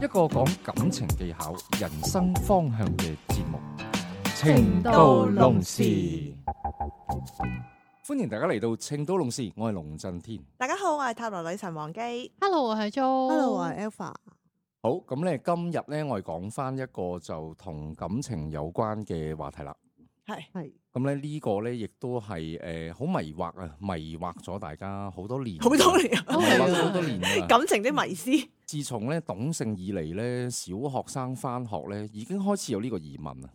一個講感情技巧、人生方向嘅節目《情到濃時》。歡迎大家嚟到《情到濃時》，我係龍震天。大家好，我係塔羅女神王姬。Hello，我係 Jo。Hello，我係 Alpha。好，咁咧今日咧，我哋講翻一個就同感情有關嘅話題啦。係是，咁咧呢個咧亦都係誒好迷惑啊，迷惑咗大家好多年，好多年，好多年， 感情的迷思。自從咧懂性以嚟咧，小學生翻學咧已經開始有呢個疑問啦。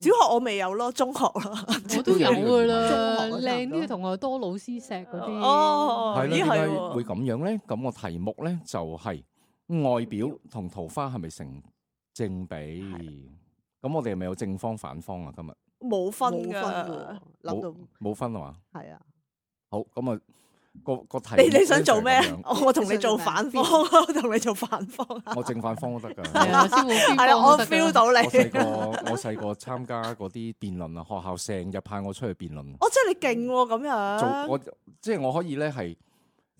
小學我未有咯，中學啦，我有 我都有噶啦。靚啲同我多，多老師錫嗰啲哦，點解會咁樣咧？咁個、哦、題目咧就係、是、外表同桃花係咪成正比？咁的我哋係咪有正方反方啊？今日？冇分噶，諗到，冇分係嘛？係啊的，好咁啊，個個題你你想做咩？ 我同你做反方， 我同你做反方， 我正反方都得噶，係啦、 哎，我， 我 feel 到你。 我細個，我細個參加嗰啲辯論啊，學校成日派我出去辯論。 哦，即係你勁咁、啊、樣，做我即係我可以咧係。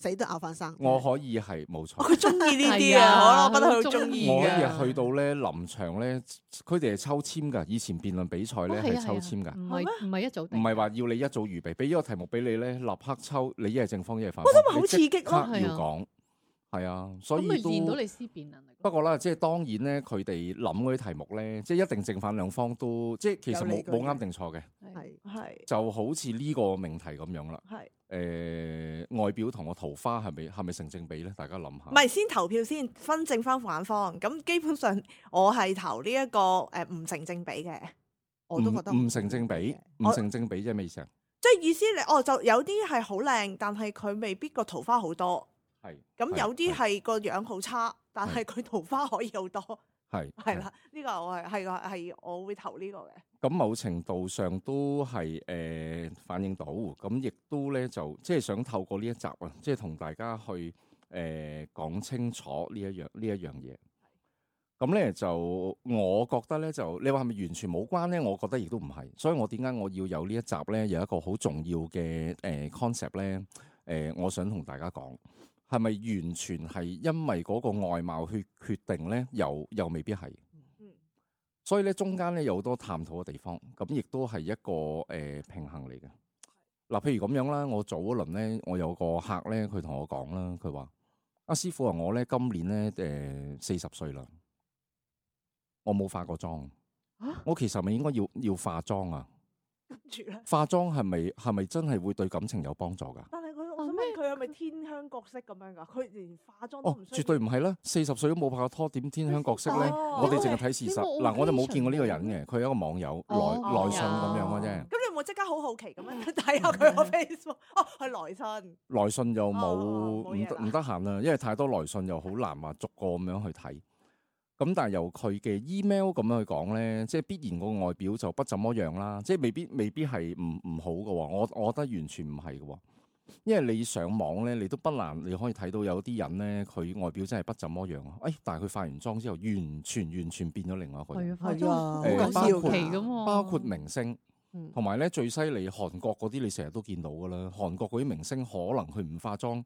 死都拗翻生，我可以係冇錯。佢中意呢啲啊，我覺得佢中意。我可以去到咧臨場咧，佢哋係抽籤噶。以前辯論比賽咧係抽籤噶，唔係唔係一早，唔係話要你一早預備，俾一個題目俾你咧，立刻抽你一係正方一係反方，我覺得好刺激啊要講。係啊，所以能能見到你思辨能力。不過啦，即係當然咧，佢哋諗嗰啲題目咧， 即係一定正反兩方都，即係其實冇冇啱定錯嘅。係係就好似呢個命題咁樣啦。係誒，外表同個桃花係咪係咪成正比咧？大家諗下。唔係先投票先分正方反方，咁基本上我係投呢一個誒唔成正比嘅，我都覺得唔成正比，唔 我成正，正比即係咩意即係意思你哦，就有啲係好靚，但係佢未必個桃花好多。係咁，有啲係個樣好差，但係佢桃花可以好多，係係啦，呢個我係係個係我會投呢個嘅。咁某程度上都係誒、呃、反映到咁，亦都咧就即係想透過呢一集啊，即係同大家去誒、呃、講清楚呢一樣呢一樣嘢。咁咧是就我覺得咧就你話係咪完全冇關咧？我覺得亦都唔係，所以我點解我要有呢一集咧？有一個好重要嘅誒 concept 咧，誒、呃呃，我想同大家講。係咪完全係因為嗰個外貌去決定咧？又又未必係，嗯、所以咧中間咧有好多探討嘅地方，咁亦都係一個誒、呃、平衡嚟嘅。嗱是，譬如咁樣啦，我早一輪咧，我有個客咧，佢同我講啦，佢話阿師傅啊，我咧今年咧誒四十歲啦，我冇化過妝，啊、我其實咪應該要要化妝啊？ 化妝係咪係咪真係會對感情有幫助噶？佢係咪天香國色咁樣噶？佢連化妝都唔需要。哦，絕對唔係啦，四十歲都冇拍過拖，點天香國色咧？是我哋淨係睇事實。嗱，我就冇見過呢個人嘅，佢係一個網友、哦、來、啊、來信咁樣嘅啫。咁你冇即刻好好奇咁樣睇下佢個 Facebook？哦、啊，係來信。啊、來信又冇唔唔得閒啦，因為太多來信又好難話逐個咁樣去睇。咁但係由佢嘅 email 咁樣去講咧，即係必然個外表就不怎麼樣啦。即係未必未必係唔唔好嘅。我我覺得完全唔係嘅。因為你上網咧，你都不難，你可以睇到有啲人咧，佢外表真係不怎麼樣啊！誒、哎，但係佢化完妝之後，完全完全變咗另外一個人。係啊的，化妝、哎、括好搞笑，奇咁包括明星，同埋咧最犀利韓國嗰啲，你成日都見到㗎啦。韓國嗰啲明星可能佢唔化妝。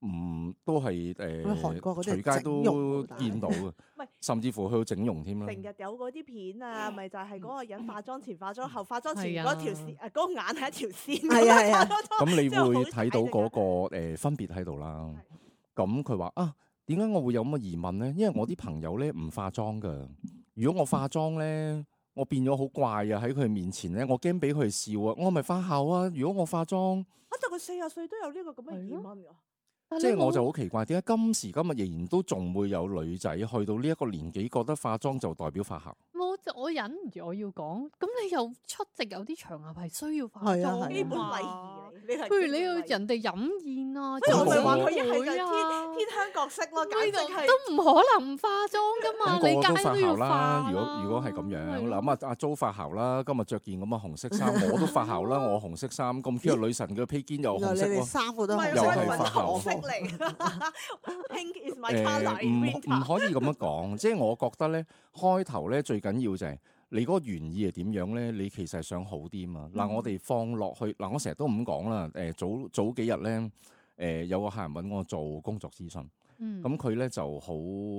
唔都係誒，韓國隨街都見到嘅，甚至乎去整容添啦。成日有嗰啲片啊，咪就係嗰個人化妝前、化妝後，化妝前嗰條線，誒，嗰個眼係一條線。係啊，咁你會睇到嗰個誒分別喺度啦。咁佢話啊，點解我會有咁嘅疑問咧？因為我啲朋友咧唔化妝噶。如果我化妝咧，我變咗好怪啊！喺佢面前咧，我驚俾佢哋笑啊。我係咪化校啊。如果我化妝，我就佢四十歲都有呢個咁嘅疑問即係我就好奇怪，點解今時今日仍然都仲會有女仔去到呢一個年紀，覺得化妝就代表發姣。我我忍唔住我要講，咁你又出席有啲場合係需要化妝，基本禮儀。譬如你要人哋飲宴啊，我唔係話佢一係入天香國色咯，都唔可能唔化妝噶嘛。你街都要化妝啦。如果如果係咁樣，我諗啊阿阿 Jo 發姣啦，今日著件咁嘅紅色衫，我都發姣啦。我紅色衫咁，兼又女神嘅披肩又紅色啊，衫褲都都係粉紅色嚟。Pink is my colour. 唉，唔唔可以咁樣講，即係我覺得咧，開頭咧最緊緊要就係你嗰個原意係點樣咧？你其實係想好啲嘛？嗱、嗯，我哋放落去嗱，我成日都咁講啦。誒、呃，早早幾日咧，誒、呃，有個客人搵我做工作諮詢，咁佢咧就好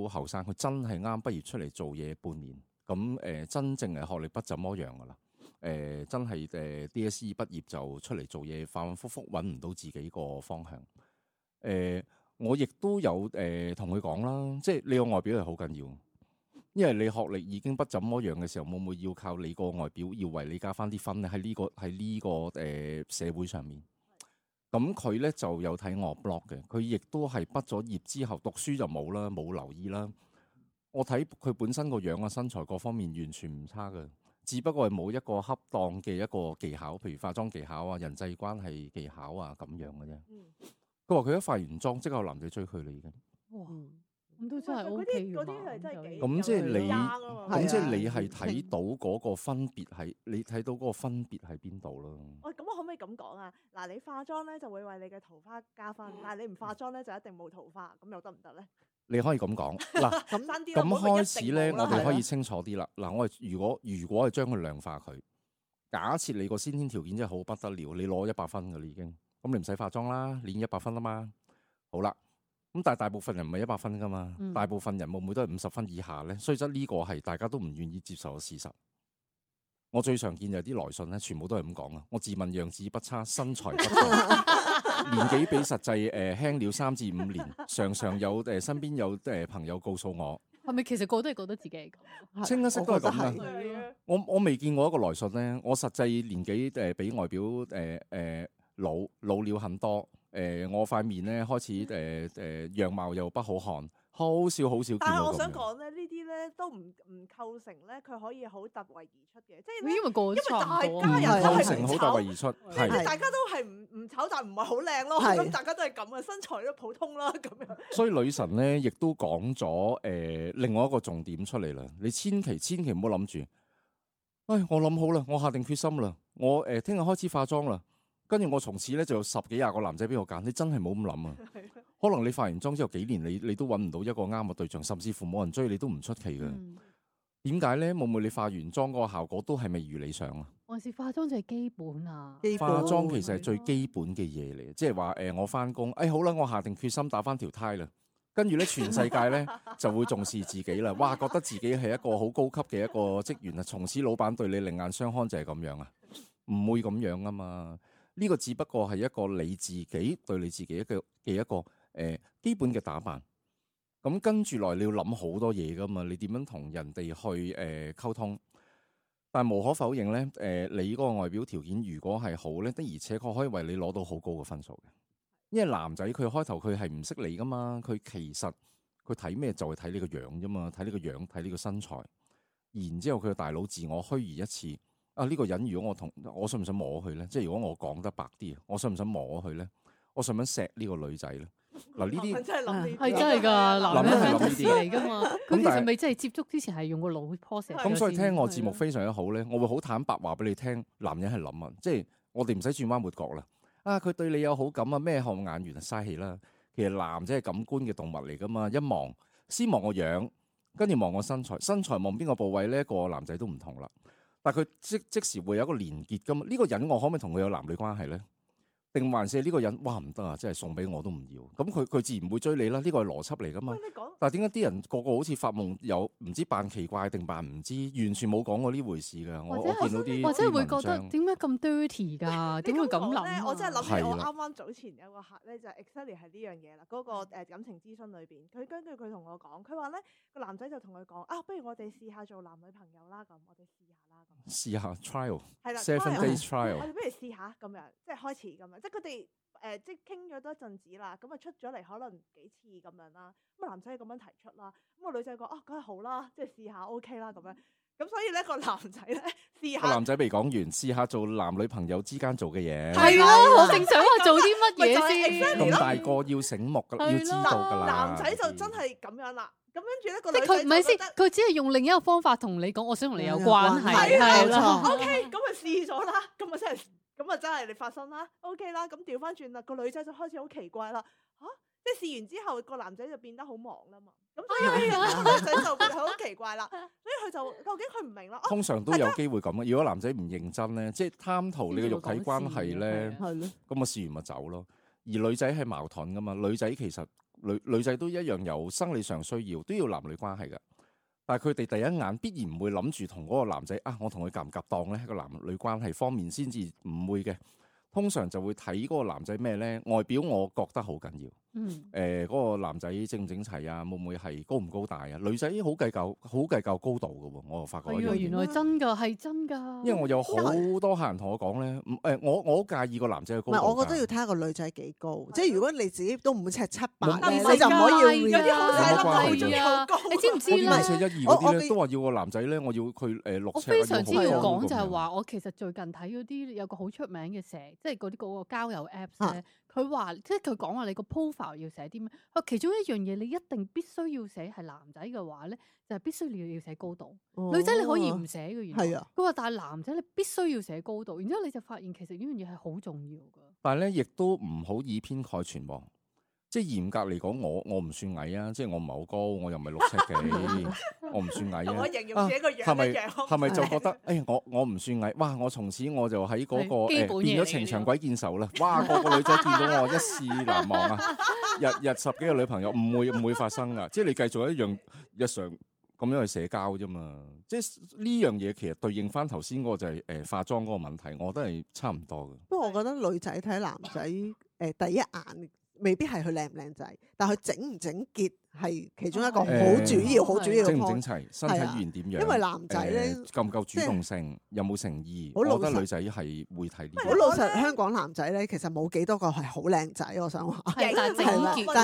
後生，佢真係啱畢業出嚟做嘢半年，咁、嗯、誒、呃，真正係學歷不怎麼樣噶啦。誒、呃，真係誒 DSE 畢業就出嚟做嘢，反反复覆搵唔到自己個方向。誒、呃，我亦都有誒同佢講啦，即係你、個外表係好緊要。因為你學歷已經不怎麼樣嘅時候，會唔會要靠你個外表要為你加翻啲分呢？喺呢、這個喺呢、這個誒、呃、社會上面，咁佢呢就有睇我 blog 嘅，佢亦都係畢咗業之後讀書就冇啦，冇留意啦。我睇佢本身個樣啊、身材各方面完全唔差嘅，只不過係冇一個恰當嘅一個技巧，譬如化妝技巧啊、人際關係技巧啊咁樣嘅啫。佢話佢一化完妝，即刻男仔追佢啦已經。嗯唔、OK、到真係嗰啲，嗰啲係真係幾咁即係你咁即係你係睇到嗰個分別係你睇到嗰個分別喺邊度咯？喂，咁我可唔可以咁講啊？嗱，你化妝咧就會為你嘅桃花加分，但係你唔化妝咧就一定冇桃花，咁又得唔得咧？你可以咁講，嗱，咁咁開始咧，我哋可以清楚啲啦。嗱，我如果如果係將佢量化佢，假設你個先天條件真係好不得了，你攞一百分噶你已經咁，你唔使化妝啦，練一百分吖嘛，好啦。咁但係大部分人唔係一百分噶嘛，嗯、大部分人會唔會都係五十分以下咧？所以則呢個係大家都唔願意接受嘅事實。我最常見有啲來信咧，全部都係咁講啊！我自問樣子不差，身材不錯， 年紀比實際誒輕了三至五年，常常有誒、呃、身邊有誒、呃、朋友告訴我，係咪其實個都係覺得自己清一色都係咁啊！我我，我未見過一個來信咧，我實際年紀誒比外表誒誒、呃呃、老老了很多。誒、呃，我塊面咧開始誒誒、呃呃，樣貌又不好看，好少好少。但係我想講咧，呢啲咧都唔唔構成咧，佢可以好突圍而出嘅。即、就、係、是、因為個因為就大家唔構成好突圍而出，係的大家都係唔唔醜，但唔係好靚咯。咁的大家都係咁嘅身材都普通啦，咁樣。的所以女神咧，亦都講咗誒，另外一個重點出嚟啦。你千祈千祈唔好諗住，唉，我諗好啦，我下定決心啦，我誒聽日開始化妝啦。跟住我，從此咧就有十幾廿個男仔俾我揀。你真係冇咁諗啊！可能你化完妝之後幾年你，你你都揾唔到一個啱嘅對象，甚至乎冇人追你都唔出奇嘅。點解咧？妹妹，你化完妝嗰個效果都係未如理想啊？還是化妝就係基本啊？化妝其實係最基本嘅嘢嚟，即係話誒，我返工誒好啦，我下定決心打返條胎啦。跟住咧，全世界咧就會重視自己啦。哇，覺得自己係一個好高級嘅一個職員啊！從此老闆對你另眼相看就係咁樣啊，唔會咁樣啊嘛～呢個只不過係一個你自己對你自己嘅嘅一個誒、呃、基本嘅打扮，咁、嗯、跟住來你要諗好多嘢噶嘛？你點樣同人哋去誒、呃、溝通？但係無可否認咧，誒、呃、你嗰個外表條件如果係好咧，的而且確可以為你攞到好高嘅分數嘅。因為男仔佢開頭佢係唔識你噶嘛，佢其實佢睇咩就係睇呢個樣啫嘛，睇呢個樣，睇呢個身材，然之後佢嘅大腦自我虛擬一次。啊！呢個人如果我同我想唔想摸佢咧？即係如果我講得白啲，我想唔想摸佢咧？我想唔想錫呢個女仔咧？嗱，呢啲係真係諗啲，係真係㗎。男人係事嚟㗎嘛。咁其實未真係接觸之前係用個腦去 o s 咁是所以的聽我節目非常之好咧，我會好坦白話俾你聽，男人係諗啊，即係我哋唔使轉彎抹角啦。啊，佢對你有好感啊，咩看眼緣嘥氣啦。其實男仔係感官嘅動物嚟㗎嘛，一望先望個樣，跟住望我身材，身材望邊個部位呢？一個男仔都唔同啦。但佢即即時會有一個連結噶嘛，呢個人我可唔可以同佢有男女關係咧？定還是呢個人哇，唔得啊！即係送俾我都唔要，咁佢佢自然會追你啦。呢個係邏輯嚟㗎嘛。但係點解啲人個個好似發夢有唔知扮奇怪定扮唔知，完全冇講過呢回事嘅？或者係或者會覺得點解咁 dirty 㗎？點會咁諗咧？我真係諗，我啱啱早前有個客咧就 exactly 係呢樣嘢啦。嗰個誒感情諮詢裏邊，佢跟住佢同我講，佢話咧個男仔就同佢講啊，不如我哋試下做男女朋友啦，咁我哋試下啦，咁試下 trial 係啦，seven days trial。我哋不如試下咁樣，即係開始咁樣。即係佢哋誒，即係傾咗多一陣子啦，咁啊出咗嚟可能幾次咁樣啦。咁個男仔咁樣提出啦，咁個女仔講哦，梗係好啦，即係試下 OK 啦咁樣。咁所以咧個男仔咧試下，個男仔未講完，試下做男女朋友之間做嘅嘢。係咯，好正常啊，做啲乜嘢先？咁大個要醒目噶啦，要知道噶啦。男仔就真係咁樣啦。咁跟住咧個即係佢唔係先，佢只係用另一個方法同你講，我想同你有關係。係啦，OK，咁咪試咗啦，咁咪真係。咁啊，真係你發生啦，OK 啦，咁調翻轉啦，個女仔就開始好奇怪啦，吓、啊？即係試完之後個男仔就變得好忙啦嘛，咁所以個女仔就佢好奇怪啦，所以佢、那個、就，以就究竟佢唔明咯。啊、通常都有機會咁啊，如果男仔唔認真咧，即係貪圖你個肉體關係咧，咁啊試完咪走咯。而女仔係矛盾噶嘛，女仔其實女女仔都一樣有生理上需要，都要男女關係噶。但係佢哋第一眼必然唔會諗住同嗰個男仔啊，我同佢夾唔夾當咧？個男女關係方面先至唔會嘅，通常就會睇嗰個男仔咩咧？外表我覺得好緊要。嗯，誒，嗰個男仔整唔整齊啊？會唔會係高唔高大啊？女仔好計較，好計較高度噶喎，我又發覺。原來真噶，係真噶。因為我有好多客人同我講咧，誒，我我好介意個男仔嘅高度。唔係，我覺得要睇下個女仔幾高，即係如果你自己都唔五尺七八，你就唔可以。有啲太離，你知唔知咧？我啲咧都話要個男仔咧，我要佢誒六尺。我非常之要講就係話，我其實最近睇嗰啲有個好出名嘅社，即係嗰啲嗰個交友 apps 咧。佢話，即係佢講話你個 profile 要寫啲咩？哦，其中一樣嘢你一定必須要寫係男仔嘅話咧，就係必須你要要寫高度。哦、女仔你可以唔寫嘅，原之後然之後佢話，但係男仔你必須要寫高度。然之後你就發現其實呢樣嘢係好重要噶。但係咧，亦都唔好以偏概全喎。即係嚴格嚟講，我我唔算矮啊，即係我唔係好高，我又唔係六尺幾。 我唔算矮啊！我形容自己個樣，啊，係咪？係咪就覺得？哎，我我唔算矮，哇！我從此我就喺嗰、那個、呃、變咗情場鬼見愁啦！ 哇，個個女仔見到我 一試難忘啊！日日十幾個女朋友唔會唔會發生噶？即係你繼續一樣日常咁樣去社交啫嘛？即係呢樣嘢其實對應翻頭先嗰個就係誒化妝嗰個問題，我覺得係差唔多嘅。不過我覺得女仔睇男仔誒、呃、第一眼未必係佢靚唔靚仔，但佢整唔整潔。係其中一個好主要、好主要。整唔整齊，身體語言點樣？因為男仔咧，夠唔夠主動性，有冇誠意？好老實，我覺得女仔係會睇。好老實，香港男仔咧，其實冇幾多個係好靚仔，我想話。但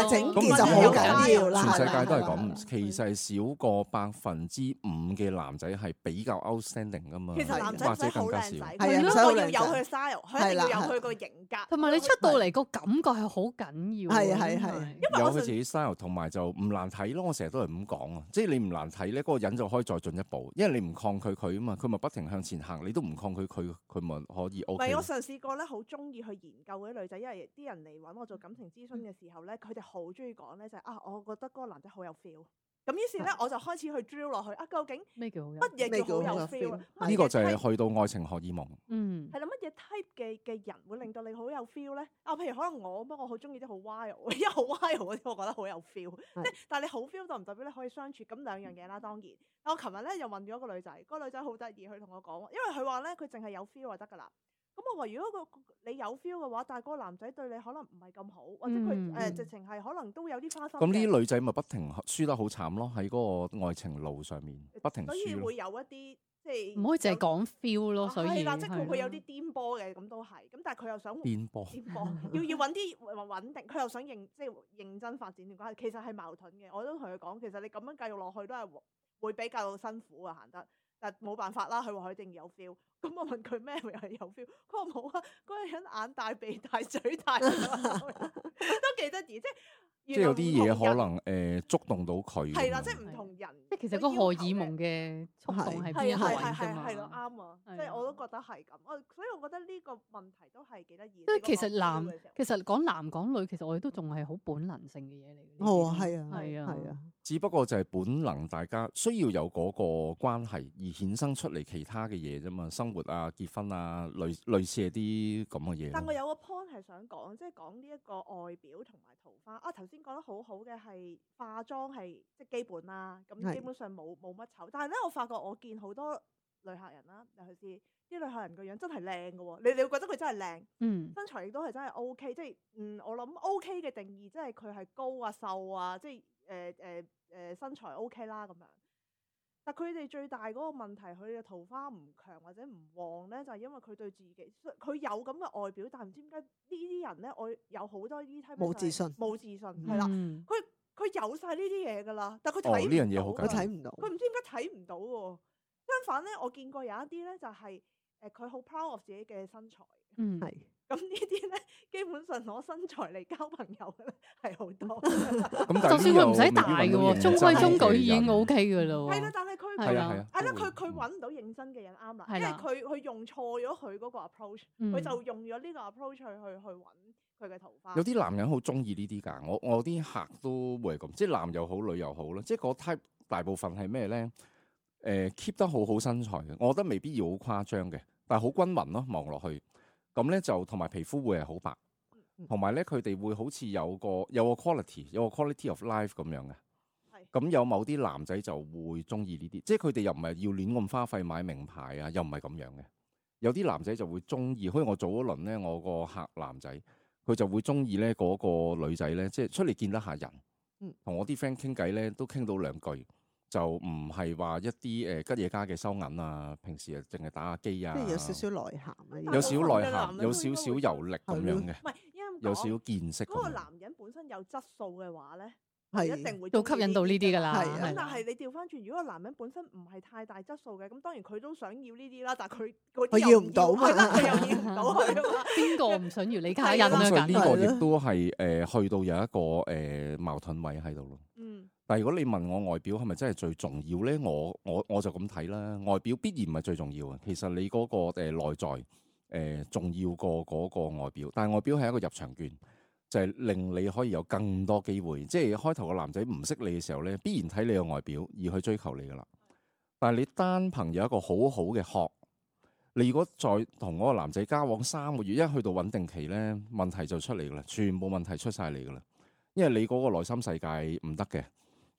係整件就好緊要啦。全世界都係噉，其實少過百分之五嘅男仔係比較 outstanding 噶嘛。其實男仔或者更加少，佢要有佢嘅 style，佢一定要有佢個型格。同埋你出到嚟個感覺係好緊要。係係係。有佢自己 style，同埋就。唔難睇咯，我成日都係咁講啊，即係你唔難睇咧，嗰個人就可以再進一步，因為你唔抗拒佢啊嘛，佢咪不停向前行，你都唔抗拒佢，佢咪可以 O、OK。唔係我嘗試過咧，好中意去研究嗰啲女仔，因為啲人嚟揾我做感情諮詢嘅時候咧，佢哋好中意講咧就係啊，我覺得嗰個男仔好有 feel。咁於是咧，我就開始去 drill 落去啊，究竟乜嘢叫好有 feel？呢個就係去到愛情荷爾蒙。嗯，係諗乜嘢 type 嘅嘅人會令到你好有 feel 咧？啊，譬如可能我，不過我好中意啲好 wild，因為好 wild 嗰啲我覺得好有 feel。即係是的 但係你好 feel，就唔代表你可以相處，咁兩樣嘢啦，當然。我琴日咧又問咗個女仔，個女仔好得意，佢同我講，因為佢話咧，佢淨係有 feel 就得㗎啦。咁我話如果個你有 feel 嘅話，但係嗰個男仔對你可能唔係咁好，嗯、或者佢誒直情係可能都有啲花心。咁呢啲女仔咪不，不停輸得好慘咯，喺嗰個愛情路上面不停輸。所以會有一啲即係唔可以凈係講 feel 咯，所以係啦，即係會有啲顛簸嘅，咁都係。咁但係佢又想顛簸，顛簸要要揾啲穩定，佢又想認即係、就是、認真發展點解？其實係矛盾嘅。我都同佢講，其實你咁樣繼續落去都係會比較辛苦啊，行得。但冇辦法啦，佢話佢一定有 feel，咁我問佢咩咪係有 feel？佢話冇啊，嗰個人眼大鼻大嘴大， 都幾得意。即係有啲嘢，可能誒觸動到佢，係啦，即係唔同人。即係其實個荷爾蒙嘅。係啊，係啊，係啊，啱啊，即係的我都覺得係咁。我所以，我覺得呢個問題都係幾得意。即係其實男其實講男講女，其實我哋都仲係好本能性嘅嘢嚟。嗯、哦，係啊，係啊的，係啊。只不過就係本能，大家需要有嗰個關係而衍生出嚟其他嘅嘢啫嘛。生活啊，結婚啊，類類似啲咁嘅嘢。但我有個 point 係想講，即係講呢一個外表同埋桃花啊。頭先講得好好嘅係化妝係即係基本啦，咁基本上冇冇乜醜。的但係咧，我發覺。我見好多女客人啦，尤其是啲女客人個樣真係靚嘅喎，你你覺得佢真係靚，嗯、身材亦都係真係 O K，即係嗯，我諗 O K 嘅定義即係佢係高啊、瘦啊，即係誒誒誒身材 O K 啦咁樣。但佢哋最大嗰個問題，佢嘅桃花唔強或者唔旺咧，就係因為佢對自己，佢有咁嘅外表，但唔知點解呢啲人咧，我有好多呢啲冇自信，冇自信，係啦，佢佢有晒呢啲嘢噶啦，但佢睇呢樣嘢好，睇唔到，佢唔知。睇唔到喎，相反咧，我見過有一啲咧，就係誒佢好 proud of 自己嘅身材，嗯，係。咁呢啲咧，基本上攞身材嚟交朋友嘅咧係好多。咁就算佢唔使大嘅喎，中規中矩已經 OK 嘅嘞喎。係啦，但係佢係啊，啊得佢佢揾唔到認真嘅人啱啊，因為佢佢用錯咗佢嗰個 approach，佢就用咗呢個 approach 去去揾佢嘅桃花。有啲男人好中意呢啲㗎，我我啲客都會咁，即係男又好，女又好啦，即係個 type。大部分係咩咧？誒、呃、keep 得好好身材嘅，我覺得未必要好誇張嘅，但係好均勻咯，望落去咁咧就同埋皮膚會係好白，同埋咧佢哋會好似有個有個 quality，有個 quality of life 咁樣嘅。係咁是的、嗯、有某啲男仔就會中意呢啲，即係佢哋又唔係要亂咁花費買名牌啊，又唔係咁樣嘅。有啲男仔就會中意，好似我早一輪咧，我個客男仔佢就會中意咧嗰個女仔咧，即係出嚟見得下人。嗯，同我啲 friend 傾偈咧，都傾到兩句，就唔係話一啲誒、呃、吉野家嘅收銀啊，平時啊淨係打下機啊，即係有少少內涵啊，有，有少少內涵，的有少少遊歷咁樣嘅，唔係，有少少見識。嗰個男人本身有質素嘅話咧，係一定會都吸引到呢啲㗎喇。咁但係你調返轉，如果個男人本身唔係太大質素嘅，咁當然佢都想要呢啲啦。但係佢佢要唔到啊，佢又要唔到佢。邊個唔想如你咁吸引啊？咁所以呢個亦都係誒去到有一個誒矛盾位喺度咯。嗯。但係如果你問我外表係咪真係最重要咧？我我我就咁睇啦。外表必然唔係最重要啊。其實你嗰個誒內在誒重要過嗰個外表。但係外表係一個入場券。就係令你可以有更多機會，即係開頭個男仔唔識你嘅時候咧，必然睇你嘅外表而去追求你噶啦。但係你單憑有一個好好嘅殼，你如果再同嗰個男仔交往三個月，一去到穩定期咧，問題就出嚟噶啦，全部問題出晒嚟噶啦，因為你嗰個內心世界唔得嘅。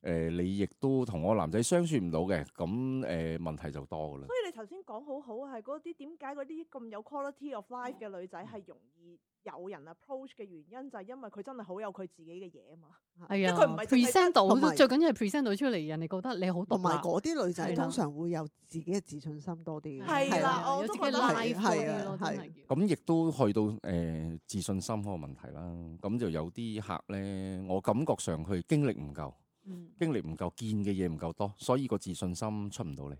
誒、呃，你亦都同我男仔相處唔到嘅，咁、呃、誒，問題就多噶啦。所以你頭先講好好係嗰啲點解嗰啲咁有 quality of life 嘅女仔係容易有人 approach 嘅原因，就係、是、因為佢真係好有佢自己嘅嘢啊嘛。係啊，佢唔係 present 到，有最緊要係 present 到出嚟，人哋覺得你好、啊。同埋嗰啲女仔通常會有自己嘅自信心多啲。係啦了，了我都得拉多啲咯，真咁亦都去到誒、呃、自信心嗰個問題啦。咁就有啲客咧，我感覺上佢經歷唔夠。經歷唔夠，見嘅嘢唔夠多，所以個自信心出唔到嚟，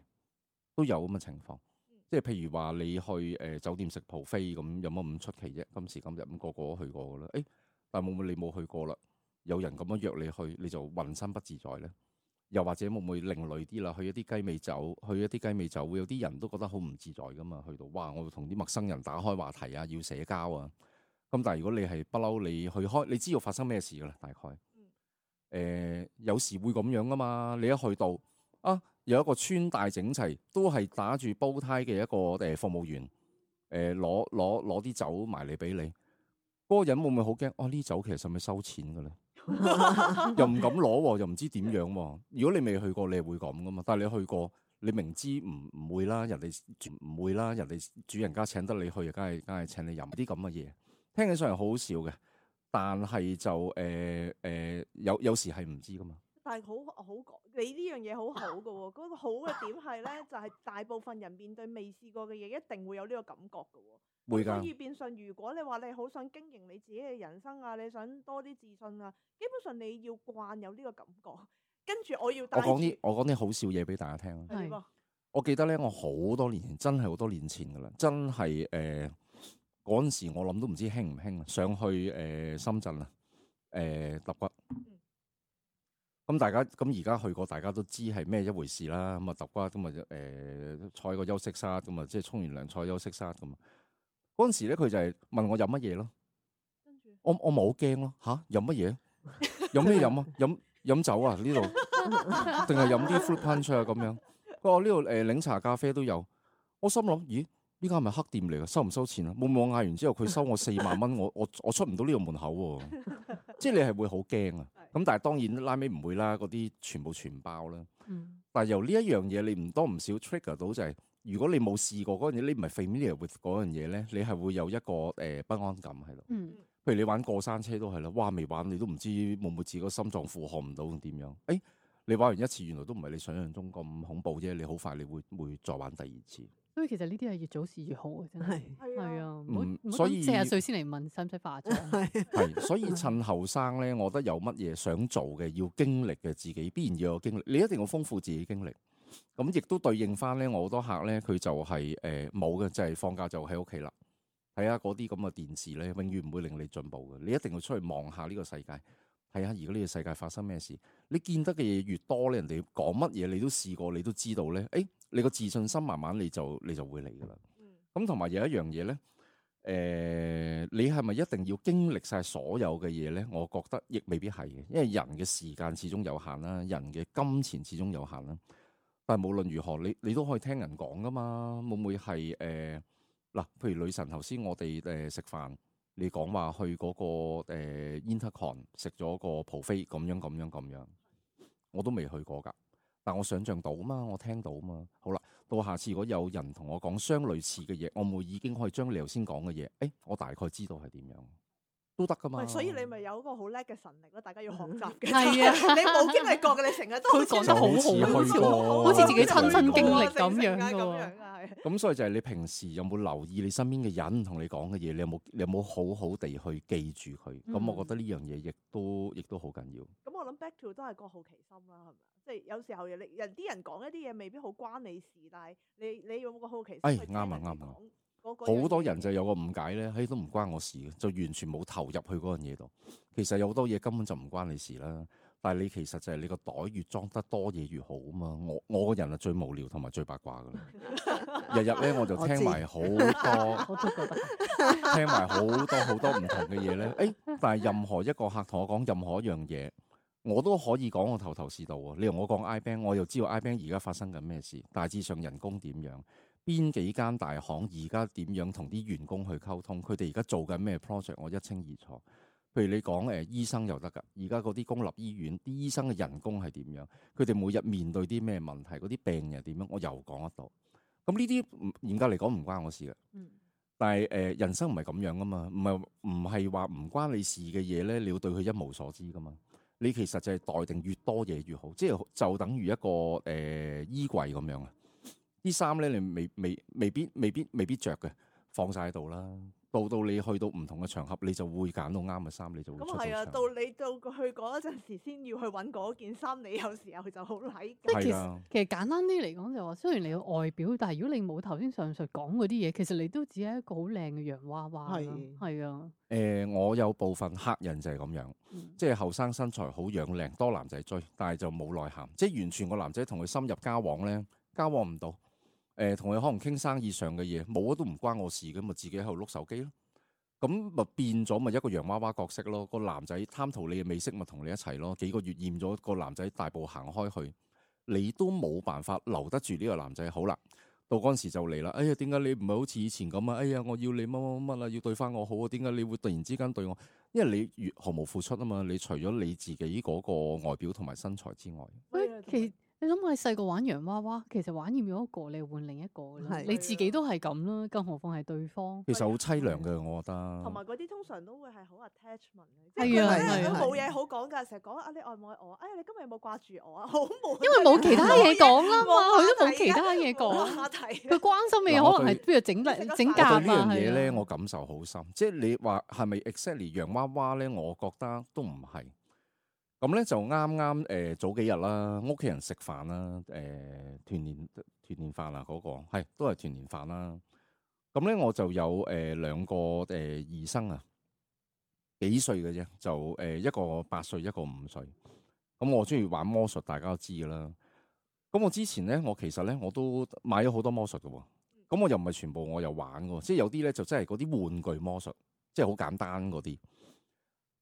都有咁嘅情況。即係譬如話你去誒、呃、酒店食 buffet 咁，有乜唔出奇啫？今時今日咁個個都去過噶啦、欸。但係會唔會你冇去過啦？有人咁樣約你去，你就渾身不自在呢？又或者會唔會另類啲啦？去一啲雞尾酒，去一啲雞尾酒，雞尾酒會有啲人都覺得好唔自在噶嘛。去到哇，我要同啲陌生人打開話題啊，要社交啊。咁但係如果你係不嬲，你去開，你知道發生咩事噶啦？大概。誒、呃，有時會咁樣噶嘛？你一去到啊，有一個穿戴整齊、都係打住煲呔嘅一個誒、呃、服務員，誒攞攞攞啲酒埋嚟俾你，嗰個人會唔會好驚？啊呢酒其實係咪收錢噶咧、 啊？又唔敢攞，又唔知點樣、啊。如果你未去過，你係會咁噶嘛？但係你去過，你明知唔唔會啦，人哋唔會啦，人哋主人家請得你去，梗係梗係請你飲啲咁嘅嘢，聽起上嚟好好笑嘅。但係就誒誒、呃呃、有有時係唔知噶嘛但，但係好好，你呢樣嘢好好噶喎。嗰 個好嘅點係咧，就係、是、大部分人面對未試過嘅嘢，一定會有呢個感覺噶喎。會噶的。所以變相，如果你話你好想經營你自己嘅人生啊，你想多啲自信啊，基本上你要慣有呢個感覺。跟住我要我。我講啲我講啲好笑嘢俾大家聽啊！係的。我記得咧，我好多年前真係好多年前噶啦，真係誒。呃嗰陣時我諗都唔知興唔興啊！想去誒、呃、深圳啊，誒、呃、揼骨。咁、嗯、大家咁而家去過，大家都知係咩一回事啦。咁啊揼骨，咁啊誒坐個休息沙，咁啊即係沖完涼坐個休息沙咁 Thank you. 啊。嗰時咧，佢就係問我飲乜嘢咯。我我冇驚咯，嚇飲乜嘢？飲咩飲啊？飲飲酒啊？呢度定係飲啲 fruit punch 啊？咁樣。不過我呢度誒檸茶咖啡都有。我心諗咦？呢個係咪黑店嚟噶？收唔收錢啊？冇冇嗌完之後，佢收我四萬蚊， 我我我出唔到呢個門口喎、啊。即係你係會好驚啊！咁是但係當然拉尾唔會啦。嗰啲全部全包啦。嗯、但係由呢一樣嘢，你唔多唔少 trigger 到就係、是，如果你冇試過嗰樣嘢，你唔係 familiar with 嗰樣嘢，咧，你係會有一個誒、呃、不安感喺度。嗯、譬如你玩過山車都係啦，哇未玩你都唔知，會唔會自己個心臟負荷唔到點樣？誒，你玩完一次，原來都唔係你想象中咁恐怖啫。你好快你會會再玩第二次。所以其實呢啲係越早試越好啊！真係係啊，唔所以四十歲先嚟問使唔使化妝？係係，所以趁後生咧，我覺得有乜嘢想做嘅、要經歷嘅，自己必然要有經歷。你一定要豐富自己經歷。咁亦都對應翻咧，我好多客咧，佢就係誒冇嘅，就係放假就喺屋企啦。係啊，嗰啲咁嘅電視咧，永遠唔會令你進步嘅。你一定要出去望下呢個世界。係啊，如果呢個世界發生咩事，你見得嘅嘢，越多咧，人哋講乜嘢你都試過，你都知道咧。誒、哎，你個自信心慢慢你就你就會嚟噶啦。咁同埋有一樣嘢咧，誒、呃，你係咪一定要經歷晒所有嘅嘢咧？我覺得亦未必係嘅，因為人嘅時間始終有限啦，人嘅金錢始終有限啦。但係無論如何，你你都可以聽人講噶嘛，會唔會係誒嗱？譬、呃、如女神頭先我哋誒、呃、食飯。你講話去嗰個，誒 Intercon 食咗個蒲飛咁樣咁樣咁樣，我都未去過㗎，但我想象到嘛，我聽到嘛，好啦，到下次如果有人同我講相類似嘅嘢，我哋已經可以將你頭先講嘅嘢，誒，我大概知道係點樣。都得噶嘛？所以你咪有嗰個好叻嘅神力咯，大家要學習嘅。係、嗯、啊， 你冇經歷過嘅，你成日都講得好 好，好似自己親身經歷咁樣噶、啊、喎。咁、啊、所以就係你平時有冇留意你身邊嘅人同你講嘅嘢？你有冇你有冇好好地去記住佢？咁、嗯、我覺得呢樣嘢亦都亦都好緊要。咁我諗 back to 都係個好奇心啦、啊，係咪？即係有時候人啲人講一啲嘢，未必好關你事，但係你你，你有冇個好奇心啱聽啱哋講？唉好多人就有個誤解咧，嘿、哎、都唔關我事嘅，就完全冇投入去嗰樣嘢度。其實有好多嘢根本就唔關你事啦。但係你其實就係你個袋越裝得多嘢越好啊嘛。我我個人係最無聊同埋最八卦噶啦， 日日咧我就聽埋好多，知 聽埋好多好多唔同嘅嘢咧。誒、哎，但係任何一個客同我講任何一樣嘢，我都可以講我頭頭是道。你同我講 I Bank，我又知道 I Bank 而家發生緊咩事，大致上人工點樣。邊幾間大行而家點樣同啲員工去溝通？佢哋而家做緊咩 project？我一清二楚。譬如你講誒、呃、醫生又得㗎，而家嗰啲公立醫院啲醫生嘅人工係點樣？佢哋每日面對啲咩問題？嗰啲病人點樣？我又講得到。咁呢啲嚴格嚟講唔關我事嘅。但係誒、呃、人生唔係咁樣噶嘛，唔係唔係話唔關你事嘅嘢咧，你要對佢一無所知噶嘛？你其實就係待定越多嘢越好，即係就等於一個誒、呃、衣櫃咁樣啊。啲衫咧，你未未未必未必未必着嘅，放晒喺度啦。到到你去到唔同嘅場合，你就會揀到啱嘅衫，你就會咁係、嗯、啊。到你到去嗰陣時，先要去揾嗰件衫，你有時候就好禮。即係、啊、其實其實簡單啲嚟講就話，雖然你外表，但係如果你冇頭先上述講嗰啲嘢，其實你都只係一個好靚嘅洋娃娃。係係啊。誒、啊啊呃，我有部分客人就係咁樣，嗯、即係後生身材好，樣靚多男仔追，但係就冇內涵，即係完全個男仔同佢深入交往咧，交往唔到。誒，同佢、呃、可能傾生意上嘅嘢，冇啊都唔關我事咁，咪自己喺度碌手機咯。咁咪變咗咪一個洋娃娃角色咯。個男仔貪圖你嘅美色，咪同你一齊咯。幾個月厭咗個男仔，大步行開去，你都冇辦法留得住呢個男仔。好啦，到嗰陣時就嚟啦。哎呀，點解你唔係好似以前咁啊？哎呀，我要你乜乜乜乜啊，要對翻我好啊。點解你會突然之間對我？因為你越毫無付出啊嘛。你除咗你自己嗰個外表同埋身材之外。你諗下，你細個玩洋娃娃，其實玩厭咗一個，你換另一個。係你自己都係咁啦，更何況係對方。其實好淒涼嘅，我覺得。同埋嗰啲通常都會係好 attachment 嘅，即係佢冇嘢好講噶，成日講啊你愛唔愛我？哎，你今日有冇掛住我啊？好冇。因為冇其他嘢講啦嘛，佢都冇其他嘢講。佢關心嘅嘢可能係譬如整泥、整甲呢樣嘢咧，我感受好深。即係你話係咪 exactly 洋娃娃咧？我覺得都唔係。咁咧就啱啱誒早幾日啦，屋企人食飯啦，誒團年團年飯啊嗰個係都係團年飯啦。咁咧我就有誒兩個誒兒生啊，幾歲嘅啫？就誒一個八歲，一個五歲。咁我中意玩魔術，大家都知嘅啦。咁我之前咧，我其實咧我都買咗好多魔術嘅喎。咁我又唔係全部我又玩嘅喎，即係有啲咧就真係嗰啲玩具魔術，即係好簡單嗰啲。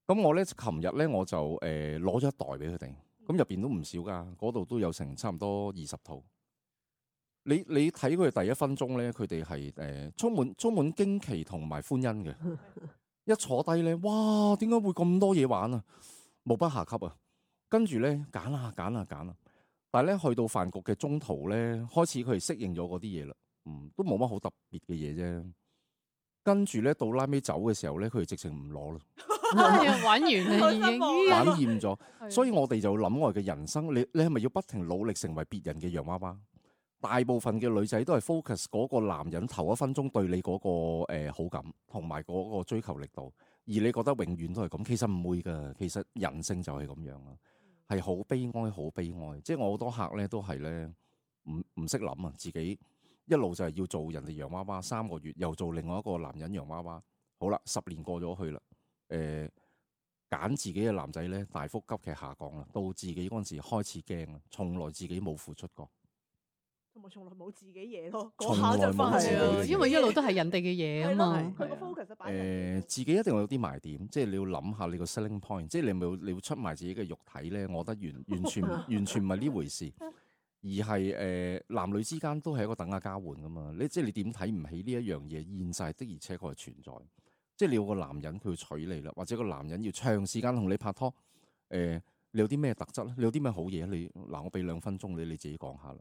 咁我咧，琴日咧，我就誒攞咗一袋俾佢哋，咁入邊都唔少噶，嗰度都有成差唔多二十套。你你睇佢哋第一分鐘咧，佢哋係誒充滿充滿驚奇同埋歡欣嘅， 一坐低咧，哇！點解會咁多嘢玩啊？目不暇給啊！跟住咧，揀啊揀啊揀啊，但係咧去到飯局嘅中途咧，開始佢哋適應咗嗰啲嘢啦，嗯，都冇乜好特別嘅嘢啫。跟住咧到拉尾走嘅時候咧，佢哋直情唔攞啦。 我又玩完啦，已經玩厭咗， 的所以我哋就諗我哋嘅人生。你你係咪要不停努力成為別人嘅洋娃娃？大部分嘅女仔都係 focus 嗰個男人頭一分鐘對你嗰個誒好感同埋嗰個追求力度，而你覺得永遠都係咁，其實唔會噶。其實人性就係咁樣啦，係好悲哀，好悲哀。即係我好多客咧，都係咧唔唔識諗啊，自己一路就係要做人哋洋娃娃，三個月又做另外一個男人洋娃娃，好啦，十年過咗去啦。誒，揀、呃、自己嘅男仔咧，大幅急劇下降啦，到自己嗰陣時開始驚啦，從來自己冇付出過，同埋從來冇自己嘢咯，從來冇係 因為一路都係人哋嘅嘢啊嘛，佢個 focus 擺。誒，呃、的自己一定有啲賣點，即係你要諗下你個 selling point， 即係你咪你要出埋自己嘅肉體咧？我覺得完完全完全唔係呢回事， 而係誒、呃、男女之間都係一個等價交換㗎嘛，你即係你點睇唔起呢一樣嘢？現世的而且確存在。即係你有個男人佢要娶你啦，或者個男人要長時間同你拍拖，誒、呃，你有啲咩特質咧？你有啲咩好嘢？你嗱，我俾兩分鐘你你自己講下啦。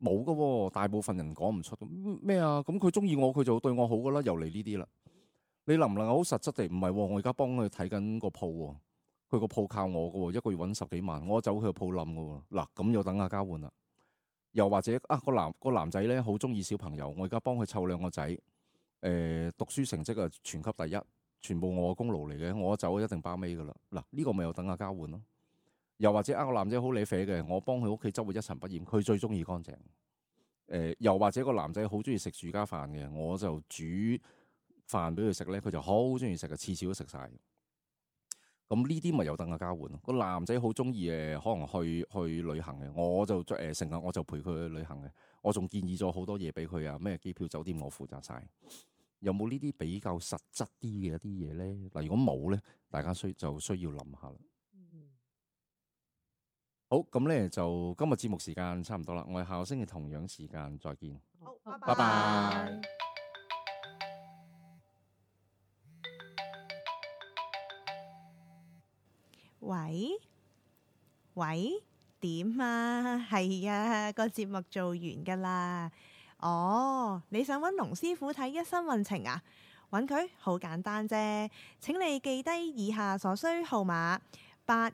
冇噶、哦，大部分人講唔出。咩啊？咁佢中意我，佢就對我好噶啦，又嚟呢啲啦。你能唔能好實質地？唔係、哦，我而家幫佢睇緊個鋪喎，佢個鋪靠我噶，一個月搵十幾萬，我走佢個鋪冧噶。嗱，咁又等下交換啦。又或者啊，個男個男仔咧好中意小朋友，我而家幫佢湊兩個仔。誒，讀書成績啊，全級第一，全部我嘅功勞嚟嘅，我一走一定包尾噶啦。嗱，呢個咪有等價交換咯。又或者呃個男仔好理啡嘅，我幫佢屋企周圍一塵不染，佢最中意乾淨。誒、呃，又或者個男仔好中意食住家飯嘅，我就煮飯俾佢食咧，佢就好中意食嘅，次次都食晒。咁呢啲咪有等價交換咯。個男仔好中意誒，可能去去旅行嘅，我就做誒成日我就陪佢去旅行嘅。我仲建議咗好多嘢俾佢啊，咩機票酒店我負責晒，有冇呢啲比較實質啲嘅一啲嘢咧？嗱，如果冇咧，大家需就需要諗下啦。嗯、好，咁咧就今日節目時間差唔多啦，我哋下個星期同樣時間再見。好，拜拜。喂喂，喂點啊？係啊，個節目做完㗎啦。哦，你想揾龍師傅睇一生運程啊？揾佢好簡單啫。請你記低以下所需號碼：八二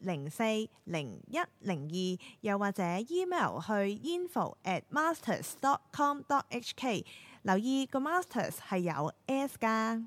零四零一零二，又或者 email 去 info at masters dot com dot hk。留意個 masters 係有 s 噶。